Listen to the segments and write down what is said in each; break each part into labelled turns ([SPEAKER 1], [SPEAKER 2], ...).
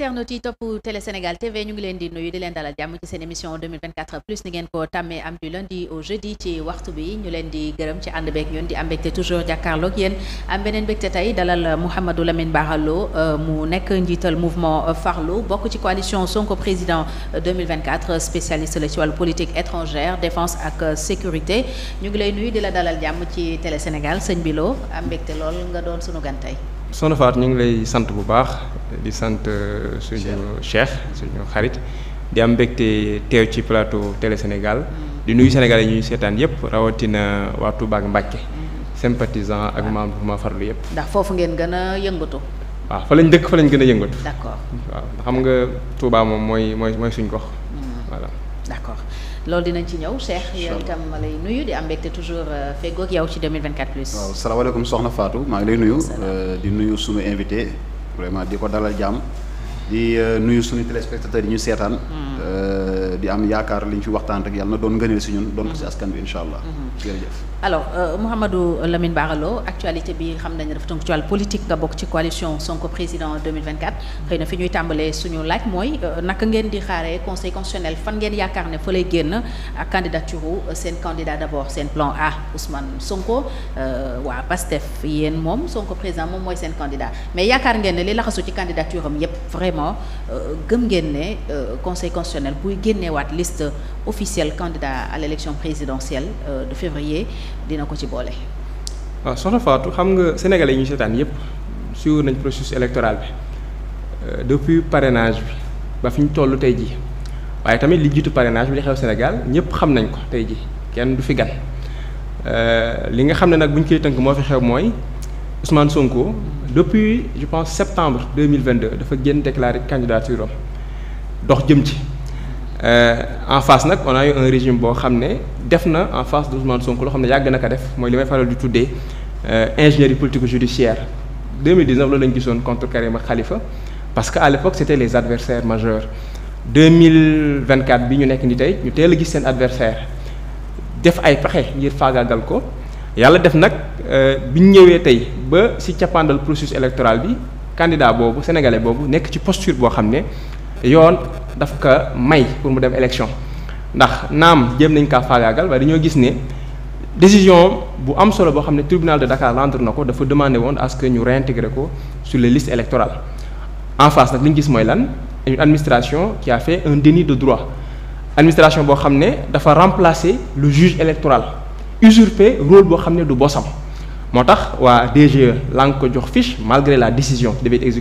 [SPEAKER 1] internautes yi topp Télé Sénégal TV ñu ngi leen di nuyu di leen dalal jàmm ci seen émission 2024 plus ni ngeen ko tàmmee am du lundi au jeudi ci waxtu bi ñu leen di gërëm ci ànd beeg ñun di am mbégte toujours jàkkaarloog yéen am beneen mbégte tey dalal Mouhamadou Lamine Bara Lo euh, mu nekk njiital mouvement Farlu bokk ci coalition Sonko président 2024 spécialiste la ci wàllu politique étrangère défense ak sécurité ñu ngi lay nuyu di la dalal jàmm ci Télé Sénégal sëñ bi Lo am mbégte lool nga doon sunu gan
[SPEAKER 2] soxna Faat ñu ngi lay sant bu baax di sant euh, suñu cheikh suñu xarit di am mbégte teew ci plateau Télé Sénégal di nuyu Sénégalais yi ñuy seetaan yépp rawatina waa Touba ak Mbàkke sympathisant ak ah. membre bu ma farlu yépp
[SPEAKER 1] ndax foofu ngeen gën a yëngatu
[SPEAKER 2] waaw fa lañ dëkk fa lañ gën a yëngatu d'accord xam nga Touba moom mooy mooy mooy suñ gox
[SPEAKER 1] hmm. voilà d'accord loolu dinañ ci ñëw Cheikh yow itam ma lay nuyu di am mbégte toujours euh, feggoog yow ci 2024 plus waaw salaamaaleykum
[SPEAKER 3] soxna Fatou maa ngi lay nuyu euh, di nuyu suñu invité vraiment di ko dalal jàmm di euh, nuyu suñu téléspectateurs yi ñu seetaan hmm. di am yaakaar li ñu fi waxtaan rek yàlla na doon ngëneel si ñun doon ko si askan bi incha allah. Mhm. jërëjëf
[SPEAKER 1] alors euh, Mouhamadou Lamine Baralo actualité bi xam nañu dafa tënk ci wàllu nga bokk ci coalition Sonko président 2024. fi ñuy tàmbalee suñu laaj mooy euh, naka ngeen di xaaree conseil constitutionnel fan ngeen yaakaar ne fa lay génn ak candidature euh, seen candidat d' abord seen plan A Ousmane Sonko euh, waa PASTEF yéen moom Sonko président moom mooy seen candidat mais yaakaar ngeen ne li laxasu ci candidature am yépp vraiment gëm ngeen ne conseil génnewaat liste officielle candidat à l' élection présidentielle euh, de février dina ko ci boole.
[SPEAKER 2] waaw soxna Fatou xam nga sénégal yi ñu seetaan yëpp suivre nañ processus électoral bi euh, depuis parrainage bi ba fi ñu toll tey jii waaye tamit li jiitu parenage bi li xew Sénégal ñëpp xam nañ ko tey jii kenn du fi gan euh, li nga xam ne nag buñ koy tënk moo fi xew mooy Ousmane Sonko depuis je pense septembre deux mille vingt deux dafa jën déclaré candidature am dox jëm ci. Euh, en face nag on a eu un régime boo xam ne def na en face de Ousmane Sonko loo xam ne yàgg na ko def mooy li may faral di tuddee euh, ingénierie politico-judiciaire 2019 loolu lañu gisoon contre Karim ak Khalifa parce que à l'époque c'était les adversaires majeurs 2024 bi ñu nekk ni tey ñu teel a gis seen adversaire def ay pexe ngir faagaagal ko yàlla def nag euh, bi ñu ñëwee tey ba ci cappaandal processus électoral bi candidat boobu sénégalais boobu nekk ci posture boo xam ne yoon daf ka may pour mu dem élection ndax naam jëm nañ kaa faagaagal waaye dañoo gis ne décision bu am solo boo xam ne tribunal de Dakar lantre na ko dafa demandé woon à que ñu réintégrer ko sur les listes électorales en face nag li ñu gis mooy lan une administration qui a fait un déni de droit l'administration boo xam ne dafa remplacer lu juge électoral usurper rôle boo xam ne du bosam moo tax waa DGE la nga ko jox fiche malgré la décision qui devait être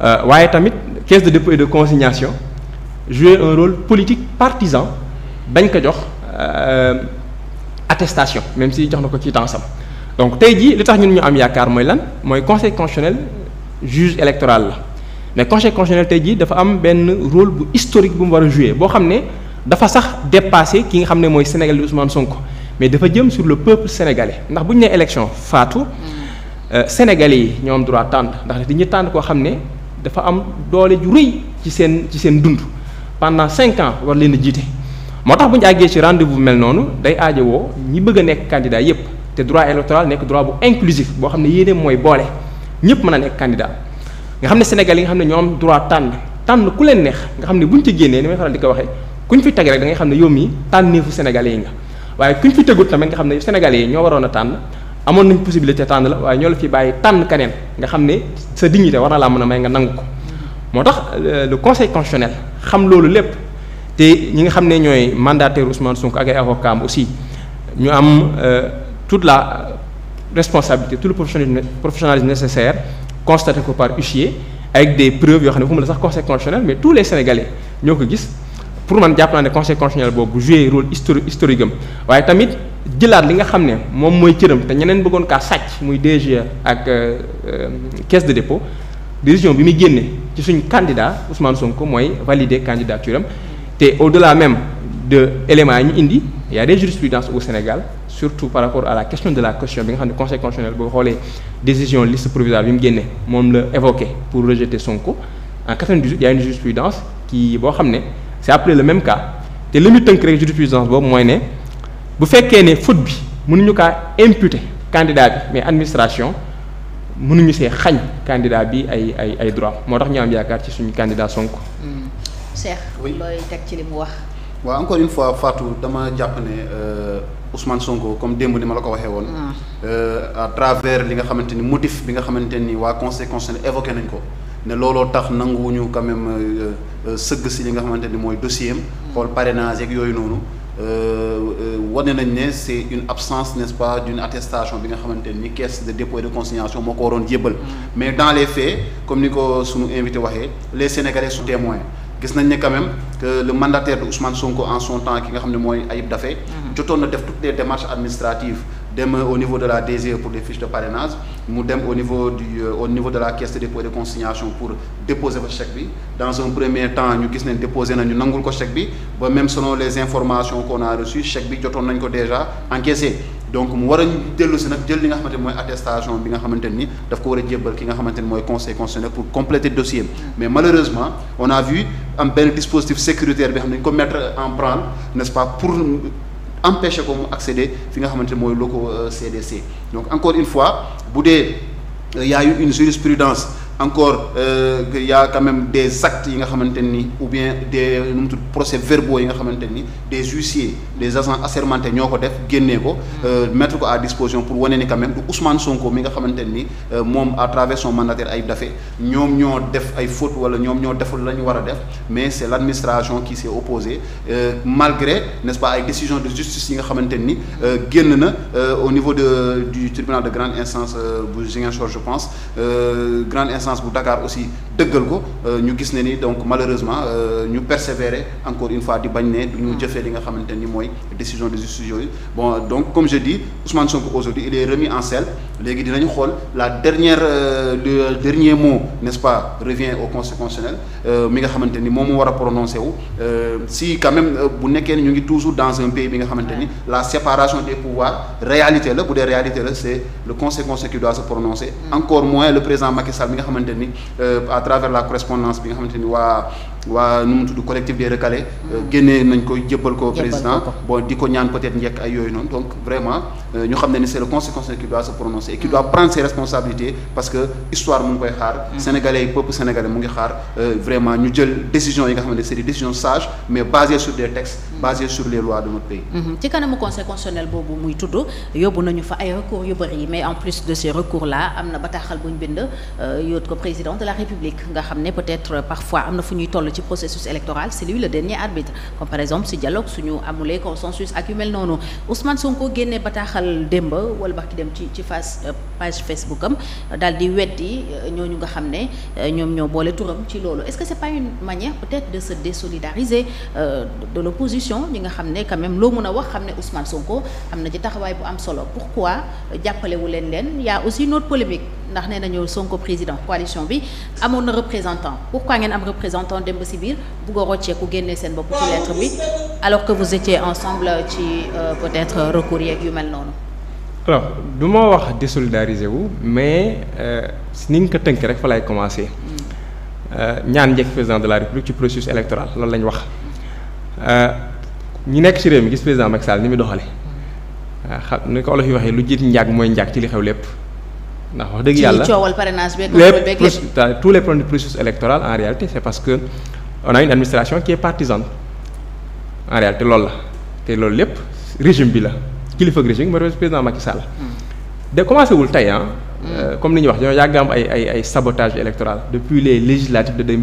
[SPEAKER 2] Euh, waaye tamit caisse de dépôt et de consignation jouer un rôle politique partisan bañ ko jox euh, attestation même si jox na ko ci temps sam donc tey jii li tax ñun ñu am yaakaar mooy lan mooy conseil constitutionnel juge électoral la mais conseil constitutionnel tey jii dafa am benn rôle bu historique bu mu war a jouer boo xam ne dafa sax dépassé ki nga xam ne mooy Sénégal di Ousmane Sonko mais dafa jëm sur le peuple sénégalais ndax bu ñu ne élection faatu mm. euh, sénégalais yi ñoo am droit tànn ndax tànn koo xam ne dafa am doole ju rëy ci seen ci seen dund pandant cinq ans war leen a jiite moo tax bu ñu àggee ci rendez-vous mel noonu day woo ñi bëgg a nekk candidat yépp te droit électoral nekk droit bu inclusif boo xam ne yéene mooy boole ñépp mën a nekk candidat nga xam ne Sénégal yi nga xam ne ñoom am droit tànn tànn ku leen neex nga xam ne buñ ci génnee ni may faral di ko waxee ku kuñ fi teg rek da ngay xam ne yow mii tànneefu sénégalais yi nga waaye kuñ fi tegut tamit nga xam ne sénégalais yi ñoo waroon a tànn amoon nañ possibilité tànn la waaye ñoo la fi bàyyi tànn kaneen nga xam ne sa dignité war na laa mën a may nga nangu ko moo tax euh, le conseil constitutionnel xam loolu lépp te ñi nga xam ne ñooy mandataire Ousmane Sonko ak ay avocats am aussi ñu am euh, tout la responsabilité tout le professionnalisme nécessaire constaté ko par huissier avec des preuves yoo xam ne fu mu la sax conseil constitutionnel mais tout les sénégalais ñoo ko gis pour man jàpp naa ne conseil constitutionnel boobu joué jëlaat li nga xam ne moom mooy cëram te ñeneen bëggoon kaa sàcc muy DG ak euh, euh, caisse de dépôt décision bi muy génne ci suñ candidat Ousmane Sonko mooy valider candidature am te au-delà même de éléments yi ñu indi y a des jurisprudences au Sénégal surtout par rapport à la question de la caution bi nga xam ne conseil constitutionnel boo xoolee décision liste provisoire bi mu génne moom la évoqué pour rejeter Sonko en 98 y a une jurisprudence qui boo xam ne c'est après même cas te li ñu tënk rek boobu mooy ne. bu fekkee ne faute bi mënuñu kaa imputer candidat bi mais administration mënuñu see xañ candidat bi ay ay ay droit moo tax ñu am yaakaar ci suñu candidat Sonko.
[SPEAKER 1] Hmm. Cheikh looy teg ci li mu wax. waaw encore une fois
[SPEAKER 3] Fatou dama jàpp ne euh, Ousmane Sonko comme démb ni ma la ko waxee woon. Hmm. Euh, à travers li nga xamante ni motif bi nga xamante ni waa conséquence constitutionnel évoqué nañ ko. ne looloo tax nanguwuñu quand même euh, sëgg si li nga xamante ni mooy dossier am. Hmm. xool parrainage yeeg yooyu noonu. Euh, euh, ne nañ ne c'est une absence n'est-ce pas d'une attestation bi nga xamante ni caisse de dépôt et de consignation moo ko waroon jébbal mm. mais dans les faits comme ni ko sunu invité waxee les Sénégalais sont témoins gis nañ ne quand même que le mandataire de Ousmane Sonko en son temps ki nga xam ne mooy Ayib Daffé mm. jotoon na def toutes les démarches administratives dem au niveau de la DGE pour des fiches de parrainage mu dem au niveau du euh, au niveau de la caisse de dépôt et de pour déposer fa chèque bi dans un premier temps ñu gis ne déposé nañu nangul ko chèque bi ba même selon les informations qu'on a reçues chèque bi jotoon nañ ko déjà encaissé donc mu war a dellu si nag jël li nga xamante ni mooy attestation bi nga xamante ni daf ko war a jébbal ki nga xamante ni mooy conseil constitutionnel pour compléter dossier mais malheureusement on a vu am benn bi xam ne ko mettre en branle n'est-ce empêché ko mu accéder fi nga xamante mooy locaux CDC euh, donc encore une fois bu dee euh, y a eu une jurisprudence encore euh, il y a quand même des actes yi nga xamante ni ou bien des nu mu tudd procès verbaux yi nga xamante ni des huissiers des agents assermentés ñoo ko def génnee ko mm. euh, mettre ko à disposition pour wane ni quand même du Ousmane Sonko mi nga xamante ni euh, moom à travers son mandataire Ayib Daffé ñoom ñoo def ay fautes wala ñoom ñoo deful la ñu war a def mais c'est l'administration qui s'est opposée euh, malgré n'est-ce pas ay décisions de justice yi nga xamante ni euh, génn na au niveau de du tribunal de grande instance bu Ziguinchor pense euh, grande instance bu Dakar aussi dëggal ko euh, ñu gis ne ni donc malheureusement euh, ñu persévérer encore une fois di bañ ne du ñu mm. li nga xamante ni mooy décision de justice yooyu bon donc comme je dis Ousmane Sonko aujourd'hui il est remis en selle léegi dinañu xool la dernière de euh, dernier mot n'est-ce pas revient au conseil mi nga xamante ni moom moo war a prononcé wu si quand même bu nekkee ni ñu ngi toujours dans un pays bi nga xamante ni la séparation des pouvoirs réalité la bu dee réalité la c'est le conseil xamante ni euh, à travers la correspondance bi nga xamante ni waa waa nu mu tudd collectif des recalés euh, génnee nañ ko jébbal ko président di ko ñaan peut-être njekk ay yooyu noonu donc vraiment euh, ñu xam ne ni c'est le constitutionnel qui doit prononcer et qui mm. doit prendre ses responsabilités parce que histoire mu ngi koy xaar mm. sénégalais yi peuple sénégalais mu ngi xaar euh, vraiment ñu jël décision yi nga xamante ne c'est des décisions mais basées sur des textes mm. basées sur les lois de notre pays
[SPEAKER 1] mm-hmm. ci kanamu conseil boobu muy tudd ci processus électoral c'est lui le dernier arbitre comme par exemple si dialogue suñu amulee consensus ak yu mel noonu Ousmane Sonko génnee bataaxal démb wala bax ki dem ci ci face euh, page Facebook am daal di weddi euh, ñooñu nga xam ne euh, ñoom ñoo boole turam ci loolu est-ce que c'est pas une manière peut-être de se désolidariser de l'opposition ñi nga xam ne quand même loo mën a wax xam ne Ousmane Sonko am na ci taxawaay bu am solo pourquoi jàppalewu leen leen y a aussi une ndax nee nañu Sonko président coalition bi amoon na représentant pourquoi ngeen am représentant dem ba si biir bugg a rocceeku génnee seen bopp ci lettre bi alors que vous étiez ensemble ci euh, peut-être recours yeeg yu mel
[SPEAKER 2] du ma wax désolidariser wu mais euh, ni nga ko tënk rek fa lay commencer. Mm. Euh, ñaan njëkk président de la république ci processus électoral loolu la ñu wax euh, ñi nekk ci réew mi gis président Macky ni muy doxale xam ni ko olof yi waxee lu jiit njàgg mooy njàgg ci li xew lépp. ndax wax dëgg yàlla coowal
[SPEAKER 1] parrainage beeg lépp
[SPEAKER 2] tous les problèmes du processus électoral en réalité c'est parce que on a une administration qui est en réalité loolu la te loolu lépp régime bi la kilifa régime mooy président Macky Sall. Hmm. de commencé wul tey ah. comme li ñuy wax ñoo yàgg am ay ay ay sabotage électoral depuis les législatives de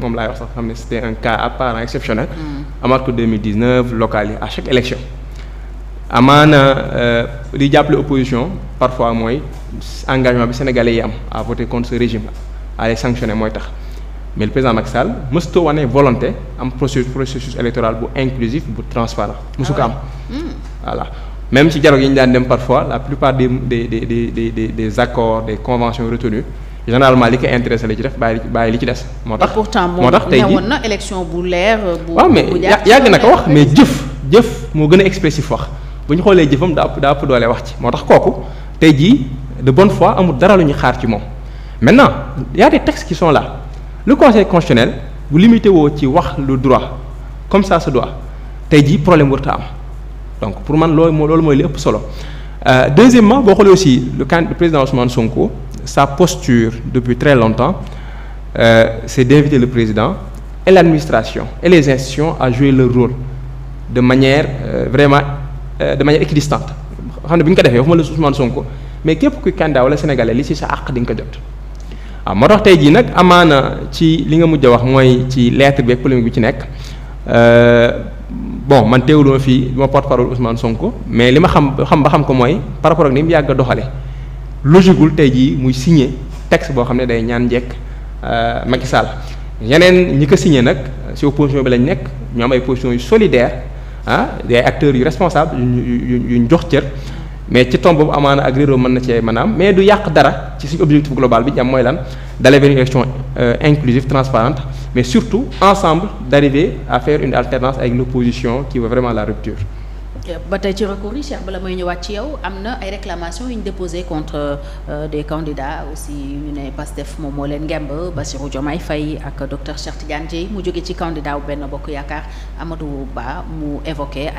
[SPEAKER 2] moom laay wax sax xam ne c'était un cas à exceptionnel. Hmm. amaat ko 2019 yi à chaque élection. amaana euh, li jàppale opposition parfois mooy engagement bi sénégalais yi am à voter contre ce régime à les sanctionner mooy tax mais le président Macky Sall mësutoo wane volonté am processus processus électoral bu inclusif bu transparent mësu ko am ah hmm. voilà même ci dialogue yi ñu daan dem parfois la plupart des de des des des des accords des conventions retenues généralement li ko intéressé la ci def bàyyi bàyyi li ci des. moo
[SPEAKER 1] tax moo tax tey jii pourtant na élection bu leer. bu bu waaw mais yàgg na ko wax mais
[SPEAKER 2] jëf jëf moo gën a expressif wax. bu ñu xoolee jëfam daa daa ëpp doole wax ci moo tax kooku tey jii de bonne fois amul dara lu ñu xaar ci moom. maintenant yaa a des ci qui la là le conseil constitutionnel bu limité woo ci wax lu droit comme ça se doit tey jii problème warta am donc pour man loolu moo loolu mooy li ëpp solo euh, deuxièmement boo xoolee aussi le can le président Ousmane Sonko sa posture depuis très longtemps euh, c'est d'inviter le président et l'administration et les institutions à jouer leur rôle de manière euh, vraiment Euh, de manière équidistante xam ne bi ñu ko defee waxuma la Ousmane Sonko mais képp kuy candidat wala sénégalais li ci sa àq di nga ko jot. waaw ah, moo tax tey jii nag amaana ci li nga mujj a wax mooy ci lettre bi ak polémique bi ci nekk euh, bon man teewlu ma fii ma porte parole Ousmane Sonko mais li ma xam xam ba xam ko mooy par rapport ak ni mu yàgg a doxale logique gul tey jii muy signé texte boo xam ne day ñaan njekk euh, Macky Sall yeneen ñi ko signé nag si opposition bi lañ nekk ñoo ay position yu solidaire ah yaay acteurs yu responsable yu ñu jox cër mais ci tomb boobu amaana ak mën na cee maanaam mais du yàq dara ci si objectif global bi ñu am mooy lan d'aller vers une élection euh, inclusive transparente mais surtout ensemble d'arriver à faire une alternance avec l'opposition qui veut vraiment la rupture
[SPEAKER 1] ba tey ci recours yi Cheikh bala may ñëwaat ci yow am na ay réclamations yu ñu déposé contre euh, des candidats aussi ñu ne Pastef moom moo leen ngemb Bassirou Diomaye Faye ak docteur Cheikh Tidiane Dièye mu jóge ci candidat wu Benno Bokk Yaakaar Amadou Ba mu évoqué